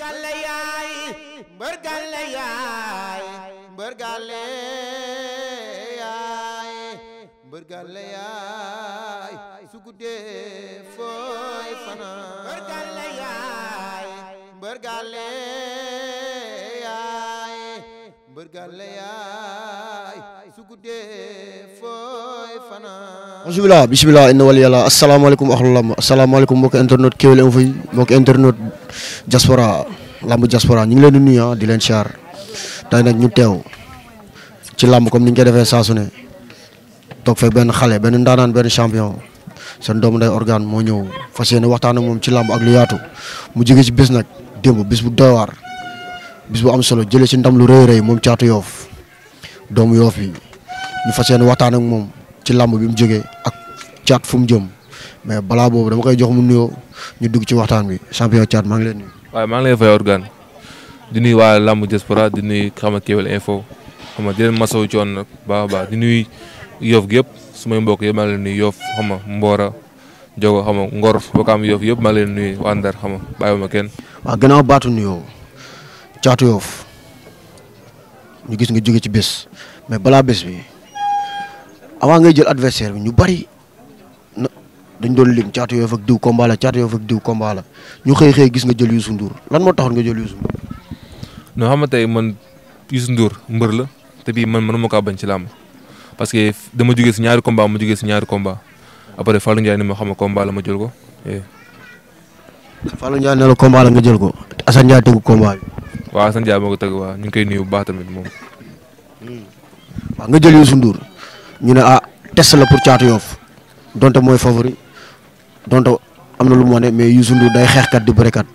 galle yaay mbër galle yaay mbër galle yaay mbër galle yaay su guddee fooy fanaan mbër galle yaay mbër galle yaay mbër galle yaay su guddee fooy fanaan bismillah bismillah inna wali yàlla asalaamaaleykum axlu lam asalaamaaleykum mbokk internet Kewel Info yi mbokk internet Diaspora làmb Diaspora ñu ngi leen di nuyu ah, di leen siyaar tey nag ñu teew ci làmb comme ni ñu koy defee saa su ne toog fee benn xale benn ndaanaan benn champion seen doom day organe moo ñëw fas yéene waxtaan ak moom ci làmb ak lu yaatu mu jóge ci bés nag démb bis bu doy waar am solo jëlee ci ndam lu rëy rëy moom caatu yoof doomu yoof fas yéene waxtaan ak moom ci lamb bi mu jógee ak caat fu mu jëm mais balaa boobu dama koy jox mu nuyoo ñu dugg ci waxtaan bi champion caat maa ngi leen nuyu waaye maa ngi lay fay organe di nuyu waa Lamb Diaspora di nuyu xam nga Kewel Info xam nga di leen masawu baax a baax di nuyu Yoff gi yëpp sumay mbokk yëpp maa ngi leen nuyu Yoff xam nga Mbora Jogo xam nga Ngor Wakaam yëpp maa leen nuyu waa Ndar a nga bàyyiwuma kenn. waaw gannaaw baatu nuyoo caatu Yoff ñu gis nga jóge ci bés mais balaa bés bi avant ngay jël adversaire bi ñu bari dañ doon lim Caatu Yoof ak diw combat la Caatu Yoof ak diw combat la ñu xëy xëy gis nga jël Youssou Ndour lan moo taxoon nga jël Youssou Ndour. non xam nga tey man Youssou Ndour la te bii man mënuma kaa bañ ci làmb parce que dama jugee si ñaari combat ma jugee si ñaari combat après Fallou Ndiaye xam ne combat ma jël ko. Eh. Fallou Ndiaye la combat nga jël ko Assane Ndiaye tëggu moo ko tëgg ñu ngi koy nuyu bu baax hmm. nga jël Youssou Ndour ñu ne ah test la pour Caatu Yoof donte mooy favori donte am na lu mu wane mais Youssou Ndour day kat di kat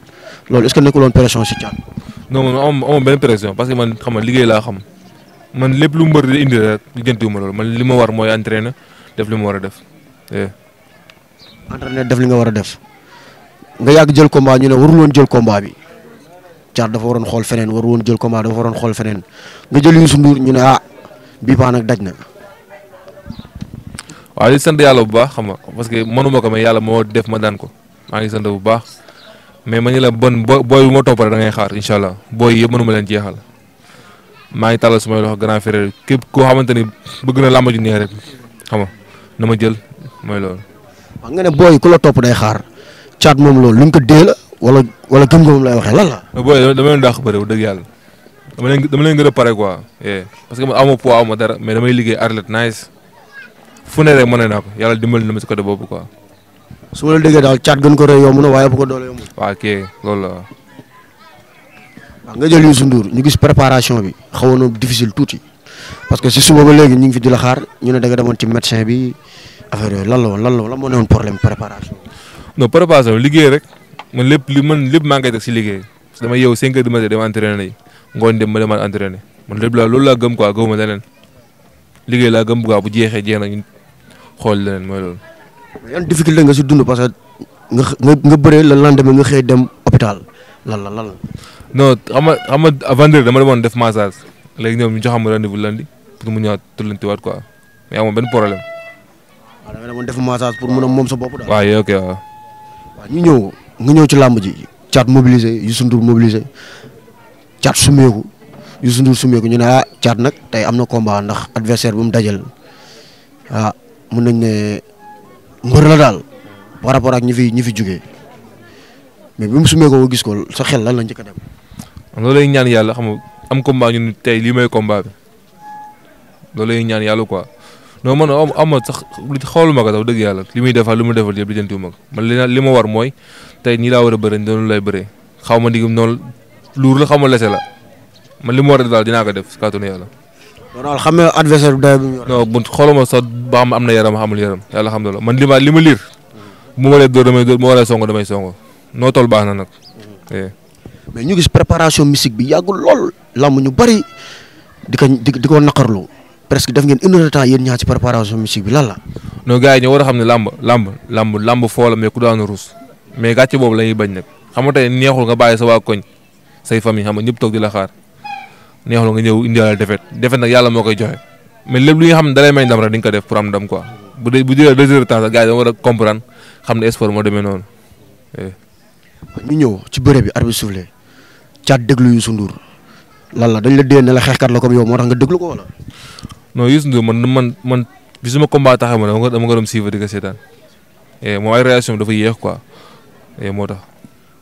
loolu est-ce que nekkul woon pression si Thiat. non man am am benn pression parce que man xam nga liggéey laa xam man lépp lu mbër di indi rek jëntuwuma loolu man li ma war mooy entraîner def li ma war a def. Eh. entraîner def li nga war a def nga yàgg jël combat ñu ne warul woon jël kombaa bi Thiat dafa waroon xool feneen warul woon jël combat dafa waroon xool feneen nga jël Youssou Ndour ñu ne ah bii baax nag daj na. waaw di sant yàlla bu baax xam nga parce que mënuma ko mais yàlla moo def ma daan ko maa ngi sant bu baax mais ma ñu la bon bo booy bu ma topp rek da ngay xaar incha allah booy yëpp mënuma leen jeexal maa ngi tàllal sumay loxo grand frère képp koo xamante ni bëgg na làmb ju neex rek na ma jël mooy loolu. wax nga ne booy ku la topp day xaar caat moom loolu luñ ko dee la wala wala gëm nga moom lay waxee lan la. booy dama leen dàq bëre wu dëgg yàlla dama leen dama leen gën a pare quoi parce que ma amoo poids amoo dara mais damay liggéey arlet nice fu ne rek mën naa ko yàlla dimbali na ma si côté boobu quoi. su ma la déggee daal caat gën ko rey yomb na waaye bu ko doole yomb. waaw loolu la waaw. nga jël Youssou ñu gis préparation bi xawoon na difficile tuuti parce que si suba ba léegi ñu ngi fi di la ñu ne da nga demoon ci médecin bi affaire yooyu lan la la woon lan moo ne préparation. non préparation liggéey rek ma lépp li man lépp maa ngi koy si liggéey parce que dama yeewu ma heures du matin dama entraîné ngoon dem ma demaat entraîné man lépp laa loolu laa gëm quoi gëmuma leneen liggéey laa gëm bu bu jeexee jeex na ñu xool leneen mooy loolu. yan difficulté nga si dund parce que nga nga nga bëree le lendemain nga xëy dem hôpital lan la la. non xam nga xam nga vendredi dama demoon def massage léegi ñoom ñu jox ma rendez-vous mu ñëwaat tullantiwaat quoi mais amoon benn problème. waaw da nga def massage pour mun a moom sa bopp daal. waaw ok waaw. ñu ñëw nga ñëw ci làmb ji. caat mobilisé Youssou Ndour mobilisé caat sumeeku Youssou Ndour sumeeku ñu ne ah caat nag tey am na combat ndax adversaire bu mu dajal ah mun nañ ne mbër daal par rapport ak ñi fi ñi fi jugee mais bi mu sumeekoo ba gis ko sa xel lan la njëkk a dem. loolu lay ñaan yàlla xam nga am combat tey lii may combat bi loolu lay ñaan yàlla quoi non man am am sax xooluma ko sax dëgg yàlla li muy defal li mu defal yëpp di jëntiwuma ko man li ma war mooy tey nii laa war a bëre noonu lay bëree xaw ma ndigam noonu luur la xaw ma la. man li mu war a daal dinaa ko def si kàttanu yàlla. loolu xam nga adversaire bi dayo bi mu yor. non bu xooluma sax ba xam am man li ma li ma liir. bu ma leen dóor damay dóor bu damay song noo toll baax na nag. Mhm. Eh. mais ñu gis préparation musique bi yàggul lool lamb ñu bari di ko di ko naqarlu presque def ngeen une heure de temps yéen ñaar ci préparation musique bi lan la. non gars yi ñoo war a xam ne lamb lamb lamb lamb foo la mais ku daanu ruus mais gàcce boobu la ñuy bañ nag xam nga tey neexul nga bàyyi sa waa koñ say famille xam nga ñëpp toog di la xaar. neexul nga ñëw indiwaale defet defet nag yàlla moo koy joxe mais lépp li nga xam ne dalay may ndam rek di nga ko def pour am ndam quoi bu dee bu jëlee deux heures da war a moo demee noonu. Eh. ñu ñëw ci bëre bi arbitre soufflé caat déglu Youssou Ndour lan la dañ la dee ne la xeexkat la comme yow moo tax nga déglu ko wala. non Youssou Ndour man man man bi suma taxaw ma dama ko dama ko doon suivre di ko seetaan eh, moom ay réaction dafa yéex quoi eh, moo tax.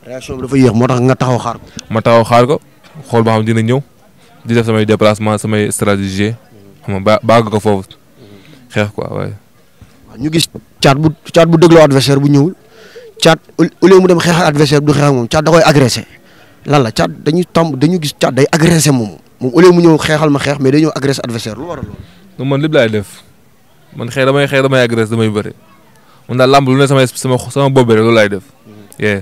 réaction bi dafa yéex moo tax nga taxaw xaar ko. ma taxaw xaar ko xool ba xam dina ñëw. di def samay déplacement samay stratégie xam ba baaga ko foofu xeex quoi waaye. ñu gis caat bu caat bu dégloo adversaire bu ñëwul caat au lieu mu dem xeex adversaire du xeex ak moom caat da koy agressé la caat dañu tàmm dañu gis caat day agressé moom moom au lieu mu ñëw xeexal ma xeex mais day ñëw agressé adversaire lu waral loolu. man lépp laay def man xeex damay xeex damay agressé damay bëri man daal làmb lu ne samay sama sama bopp rek loolu laay def. Mm-hmm.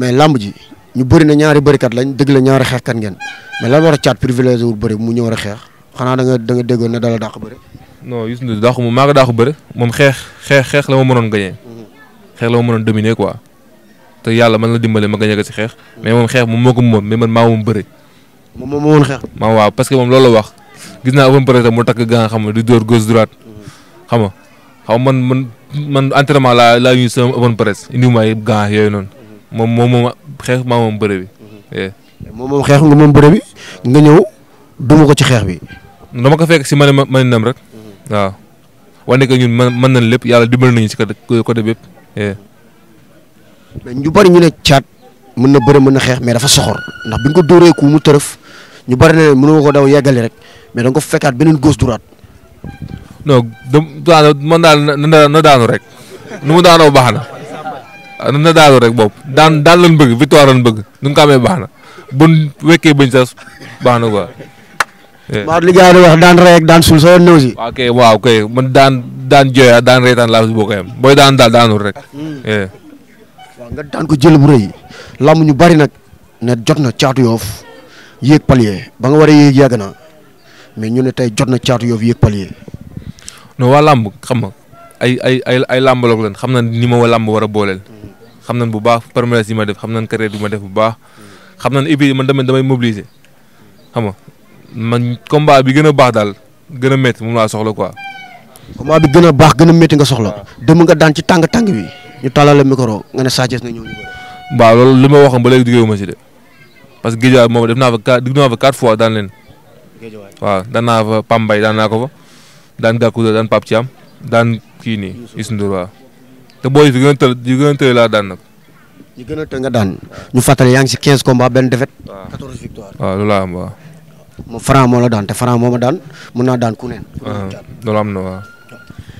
mais làmb ji ñu bëri na ñaari bërikat lañ dëgg la ñaari xeexkat ngeen mais lan war a caat privilège wul bëri mu ñëw war a xeex xanaa da nga da nga déggoon ne dala dàq bëri non Youssou Ndour dàqu ma maa ko moom xeex xeex xeex la ma mënoon gagné mm-hmm. xeex la ma mënoon dominer quoi te yàlla man la dimbale ma gagné ko si xeex mais moom xeex moom moo ko moom mais man maa moom bëri moo woon xeex maa waaw parce que moom loolu la wax gis naa open presse mu takk gan xam nga di dóor gauche droite mm-hmm. xam nga xaw man man man entraînement laa laa ñuy sama open presse indiwuma yooyu noonu moom moom moom xeex maa moom bëre bi. moom moom xeex nga moom bëre bi nga ñëw duma ko ci xeex bi. dama ko fekk si man man nam rek. waaw wane que ñun man mën nañ lépp yàlla dimbali nañu si côté bépp. mais ñu bari ñu ne caat mën na bëre mën na xeex mais dafa soxor ndax bi nga ko dóoree mu tërëf ñu bari na mënoo ko daw yeggali rek mais da nga ko fekkaat beneen gauche droite. non de daanu man daal na daanu rek nu mu daanoo baax na. na daanu rek boobu daan daan lan bëgg victoire lan bëgg nu ko baax na buñ wekkee bañ sas baax na quoi. Eh. li gars wax daan rey ak daan suul sa yoon waaw kay waaw daan daan daan reetaan daal daanul rek. Hmm. Eh. waaw nga daan ko jël bu rëy lamb ñu bari nag ne jot na caatu yoof yéeg palier ba nga a ñu ne tey jot na caatu yoof yéeg palier. non waa lamb xam nga ay ay ay ay xam na ni ma waa lamb war a booleel. xam nañ bu baax promesse yi ma def xam nañ carrière yi ma def bu baax xam nañ épi man damay damay mobiliser xam nga man combat bi gën a baax daal gën a métti moom laa soxla quoi. combat bi gën baax gën a métti nga soxla. dem nga daan ci tàng tàng bi. ñu tàllale micro nga ne Sa Thiès na ñëw ñu waaw loolu li ma wax ba léegi duggee wu ma si de parce que géejawaay moom def naa fa quatre dugg naa fa quatre daan leen. géejawaay waaw daan naa fa Pambay daan naa ko fa daan Gakuda daan Pape Thiam daan kii nii Youssou Ndour waaw. te booy yu gën a tël laa daan nag. yu gën a tël nga daan ñu fàttali yaa ngi si 15 combats benn defet waaw 14 loolu laa am waaw. moom Franc moo la daan te Franc moo ma daan mun naa daan ku neen. Ah, na waaw.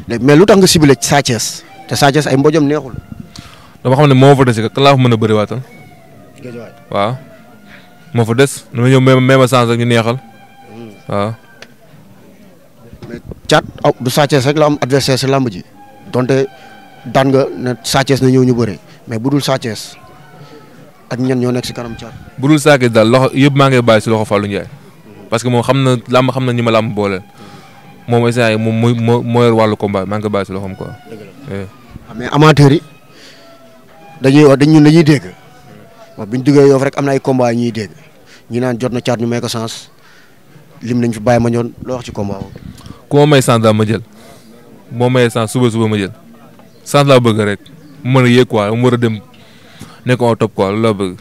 léegi mais lu tax nga ciblé Sa Thiès te Sa Thiès ay mbojam neexul. dama xam ne moo fa des kan laa mën a bëriwaatal. waaw. moo fa des dama ñëw même même sens ak neexal hmm. waaw. du Sa rek la am adversaire si làmb ji donte. daan nga na Sa na ñëw ñu bëre mais bu dul Sa Thiès ak ñenn ñoo nekk si kanam caar. bu dul Sa Thiès daal loxo yëpp maa ngay bàyyi si loxo Fallou Ndiaye parce que moom xam na làmb xam na ñi ma làmb boole moom instant yii moom mooy moo yor wàllu combat maa ngi koy bàyyi si loxoom quoi. Eh. Ah, yi dañuy wax dañ ñun dañuy dégg ñu duggee Yoff am na ay combat ñuy dégg ñu naan jot na caar ñu may ko sens lim nañ fi bàyyi ma ñoon loo wax ci combat ma may daal ma jël moo may sens suba suba ma chance laa bëgg rek mën a yéeg quoi mu war a dem ne au top quoi loolu laa bëgg.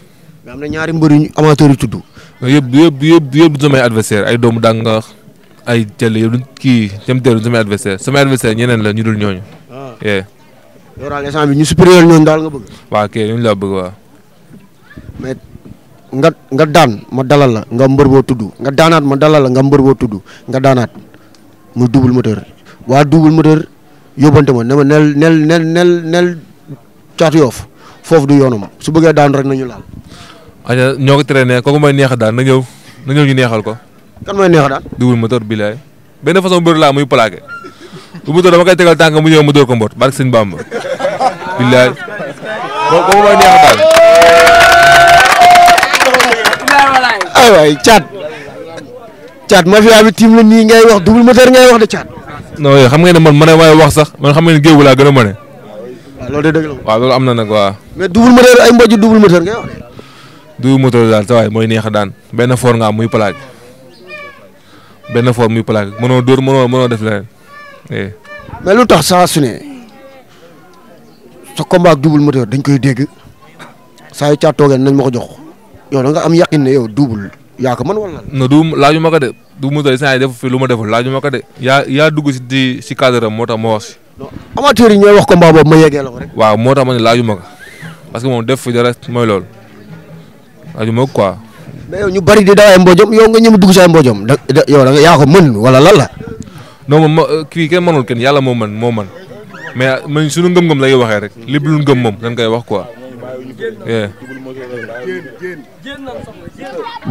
mais am na ñaari mbër yu amateur yu tudd. yëpp yëpp yëpp yëpp du samay adversaire ay doomu dànga ay jël yëpp du kii jëm teeru du samay adversaire samay adversaire ñeneen la ñu dul ñooñu. waaw ah. yow daal instant bi ñu supérieur ñooñu daal nga bëgg. waa kay ñu laa bëgg waaw. mais nga nga daan ma dalal la nga mbër boo tudd nga daanaat ma dalal la nga mbër boo tudd nga daanaat muy double moteur waa double moteur. yóbbante ma ne ma nel nel nel nel nel caatu yoof foofu du yoonam su bëggee daan rek nañu laal. aywa ñoo ko traîné kooku mooy neex daan na ñëw na ñëw ñu neexal ko. kan mooy neex daan. dugul moteur bi laay benn façon mbër laa muy plaqué bu mu dóor dama koy tegal tànk mu ñëw mu dóor ko mboot barke sëñ Bamba billaay kooku mooy neex daan. ay waay caat caat mafia bi tiim la nii ngay wax dugul moteur ngay wax de caat. non yooyu xam nga ne man mën waaye wax sax man xam nga ne géewu laa gën a mën. waaw ah, loolu de dëgg la waaw loolu am na nag waaw. mais double moteur ay mboj double moteur ngay wax de. double moteur daal sa mooy neex daan benn foor nga am muy plaque benn for muy plaque mënoo dóor mënoo mënoo def leneen. Eh. mais lu tax saa ne sa combat ak double moteur dañ koy dégg saa yu caa toogee nañ ma jox yow nga am yaqin ne yow double yaa ko mën wala. non double laaju de. du Moussa instant yii lu ma deful laaj ma ko de yaa yaa dugg di si cadre am moo tax ma wax si. non amateurs yi ñooy wax combat ma yeggee waaw moo tax ma ne laajuma ko parce que moom def fi dara mooy loolu laajuma ko quoi. mais yow ñu bari di daway mbojom yow nga ñëw dugg si ay mbojom da da yow yaa wala lan la. non moom ma euh, kii kenn mënul kenn yàlla moo mën moo mën mais man suñu ngëm-ngëm la ñuy waxee rek lépp lu ngëm moom dañ koy wax quoi.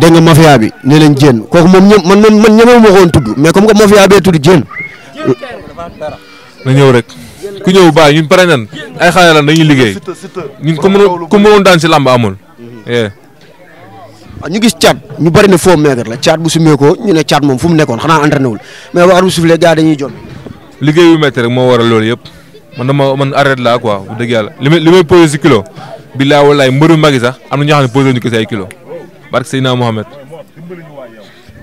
dégg ma mafia bi ne leen jéen kooku moom man man man ñemewu ma woon tudd mais comme que mafia bee tudd jéen. na ñëw rek ku ñëw baa ñu pare nan ay xale lan dañuy liggéey ñun ku mënoon ku mënoon daan si làmb amul. waaw mhm. ah, ñu gis caat ñu bari ne foo meegar la caat bu sumee ko ñu ne caat moom fu mu nekkoon xanaa entraîné wul mais waa Arou Souflé gars yu métti rek moo waral loolu yëpp man dama man arrête laa quoi bu dëgg yàlla li may li may posé si kilo bi laa walaay mbëru magi sax am na ñoo a ne ñu ko si kilo barke Seydina Mohamed.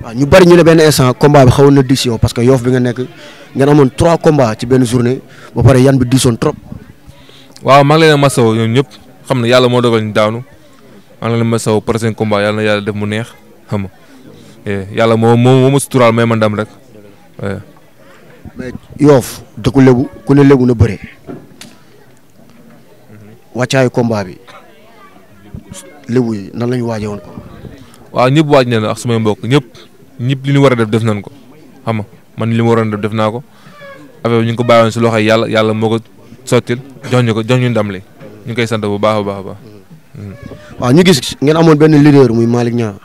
waaw ah, ñu bari ñu ne benn instant combat bi xawoon na diisoo parce que yoof bi nga nekk ngeen amoon trois combats ci benn journée ba pare yan bi diisoon trop. waaw maa ngi leen a masaw ñoom ñëpp xam ne yàlla moo dogal ñu daanu maa ngi leen a masaw prochain combat yàlla na mu neex xam eh, yàlla moo moo ma ma ndam rek. Eh. mais yoof dëkku lébu ku ne lébu na bëre. Mhm. wàccaayu combat bi lébu yi nan lañu ñu waajee woon waaw ñëpp waaj nañ ak sumay mbokk ñëpp ñëpp li ñu war a def def nañ ko xam nga man li mu waroon def def naa ko affaire ñu ko bàyyiwoon si loxo yàlla yàlla moo ko sottil jox ñu ko jox ndam li ñu ngi koy sant bu baax a baax a baax. Mm. waaw ñu gis ngeen amoon benn leader muy Malick Niang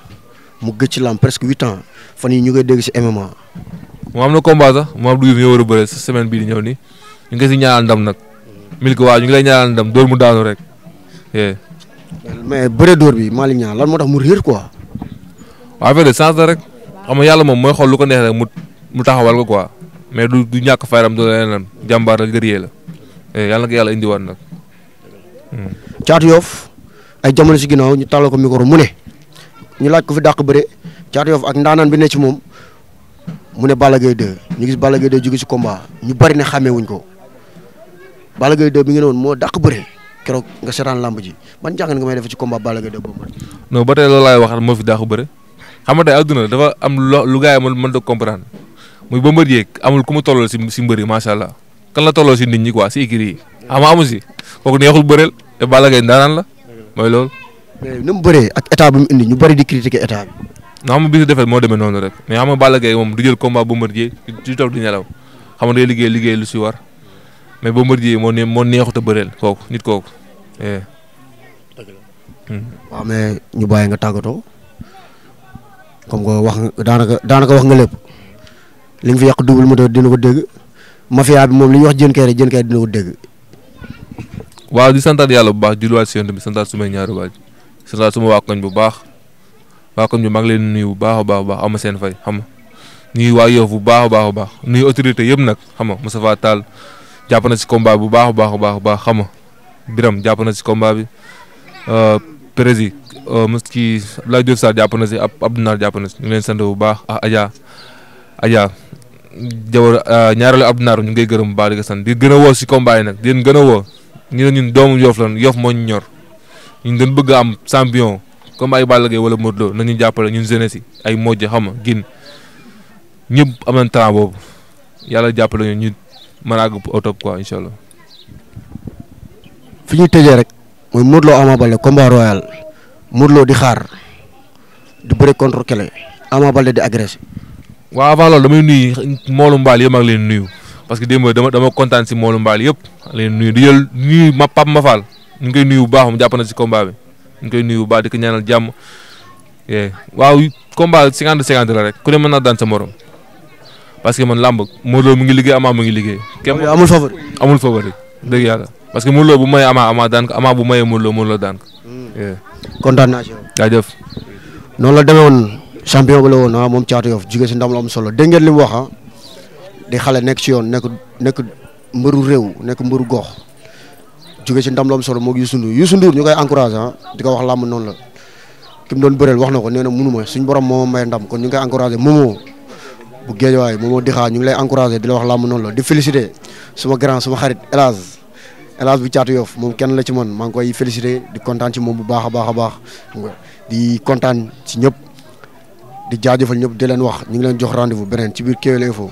mu gëj ci làmb presque huit ans fan yi ñu koy dégg si MMA. moo am na combat moo am du ñu war a bëre semaine bii di ñëw nii ñu ngi si ñaanal ndam nag Milka waaw ñu ngi lay ñaanal ndam dóor mu daanu rek. mais bëre door bi Malick Niang la moo tax mu réer quoi. waaw affaire de chance rek xam nga yàlla moom mooy xool lu ko neex rek mu mu taxawal ko quoi mais du du ñàkk fayram du leneen jàmbaar la gërëyee la eh, yàlla na ko yàlla indiwaat nag. Hmm. Caatu Yoff ay jamono si ginnaaw ñu tàllal ko micro mu ne ñu laaj ko fi dàq bëre Caatu Yoff ak ndaanaan bi ne ci moom mu ne Balla Gaye 2 ñu gis Balla Gaye 2 jóge si combat ñu bari ne xàmmee wuñ ko Balla Gaye 2 bi ngeen woon moo dàq bëre keroog nga seetaan lamb ji ban jàngat nga may def ci combat Balla Gaye 2 boobu. non ba tey loolu laay moo fi dàq bëre. xam nga tey adduna dafa am lu lu gars yi mën mën da comprendre muy amul ku mu tolloo si si mbër yi macha allah kan la tolloo si nit ñi quoi si écrit yi xam nga amu si kooku neexul bëreel te Balla Gaye ndaanaan la mooy loolu. mais ni mu bëree ak état bi mu indi ñu bëri di critiquer état bi. xam nga bisu moo demee noonu rek mais xam nga Balla Gaye moom du jël combat Bombardier du toog di nelaw xam nga day liggéey liggéey lu si war mais Bombardier moo ne moo neexut a bëreel kooku nit kooku. Eh. Hmm. waaw mais ñu bàyyi nga tàggatoo. comme que wax daanaka daanaka wax nga lépp li nga fi yàq double moteur dina ko dégg mafia bi moom li ñuy wax jën kayre jën kayre dina ko dégg. waaw di santaat yàlla bu baax julliwaat si yonent bi santaat su may ñaari waaj santaat suma waa koñ bu baax waa koñ bi mag leen nuyu bu baax a baax baax am seen fay xam nga nuyu waa Yoff bu baax a baax baax nuyu autorité yëpp nag xam nga Moustapha taal jàpp na si combat bu baax a baax a baax xam nga Biram jàpp na si combat bi. Euh, prési euh, mos kii Abdoulaye jàpp na si ab Abdou Naar jàpp na si ñu ngi leen sant bu baax ah Adja Adja jawar ah, ñaareelu Abdou ñu ngi koy gërëm bu baax di ko gën a woo si combat yi nag di leen gën a woo ñu ne ñun doomu Yoff lan Yoff moo ñu ñor ñun dañ bëgg am champion comme ay Balla Gaye wala Modou Lo nañu jàppale ñun jeunesse yi ay Modou xam nga gin ñëpp am nañ talent boobu yàlla jàppale ñu ñu mën a àgg au top quoi incha allah. fi ñu tëjee rek. mooy Modou Lo Ama Baldé combat royal Modou Lo di xaar di bëre contre Kele Ama Baldé di agressé. waaw avant loolu damay nuyu moolu mbaal yëpp maa ngi leen nuyu parce que démb dama dama kontaan si moolu mbaal yëpp leen nuyu di jël nuyu ma Pape Mafal ñu ngi koy nuyu bu baax mu jàpp na si combat bi ñu ngi koy nuyu bu baax di ko ñaanal jàmm waaw combat cinquante cinquante la rek ku ne mën naa daan sa morom parce que man làmb Modou Lo mu ngi liggéey Ama mu ngi liggéey. amul favori amul favori parce que Modou Lo bu may Ama Ama daan ko Ama bu mayee Modou Lo Modou Lo daan ko. Hmm. kontaan naa ci yow. jaajëf. noonu la demee woon champion bi la woon ah moom Thiatou Yoff jugee si ndam la am solo dégg ngeen li mu wax ah, di xale nekk si yoon nekk nekk mbëru réew nekk mbëru gox jugee si ndam la am solo moog Youssou Ndour ah, di ko wax làmb noonu la doon bëreel wax na ko nee na munu ma suñu borom moo may ndam kon ñu ngi koy waay moomoo di xaar ñu ngi lay encouragé di la wax làmb noonu la di félicité suma grand suma xarit El El Hadj bu Caatu Yoff moom kenn la ci man maa koy félicité di kontaan ci moom bu baax a baax a baax di kontaan ci ñëpp di jaajëfal ñëpp di leen wax ñu ngi leen jox rendez-vous beneen ci biir Kewel Info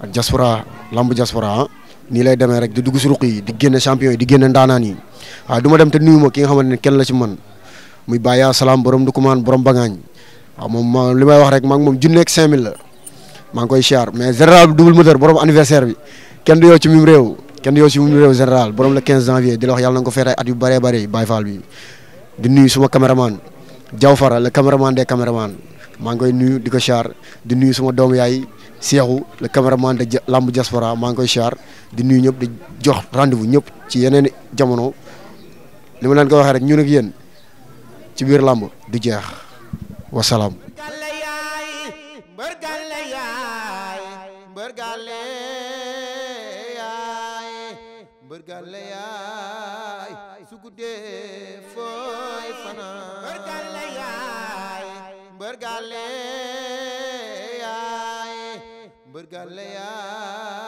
ak diaspora lamb diaspora ah nii lay demee rek di dugg si ruq yi di génn champion yi di génne ndaanaan yi waaw du ma dem te nuyu ma ki nga xamante ne kenn la ci man muy bàyyi salaam borom du kumaan borom bangaañ waaw moom ma li may wax rek maa ngi moom junneeg 5000 la maa ngi koy siyaar mais général bi kenn du yow kenn yow si mu réew général borom la 15 janvier di la wax yàlla na nga ko feetay at yu bëree bëri Baye Fall bi di nuyu suma caméraman Diaw Fara le caméraman des maa ngi koy nuyu di ko char di nuyu suma doom yaay Seexu le caméraman de lamb diaspora maa ngi koy char di nuyu ñëpp di jox rendez-vous ñëpp ci yeneen jamono li ma leen ko waxee rek ñun ak yéen ci biir làmb du jeex wasalaam bër gàlle yaay su guddee fooy yaay bër gàlle yaay yaay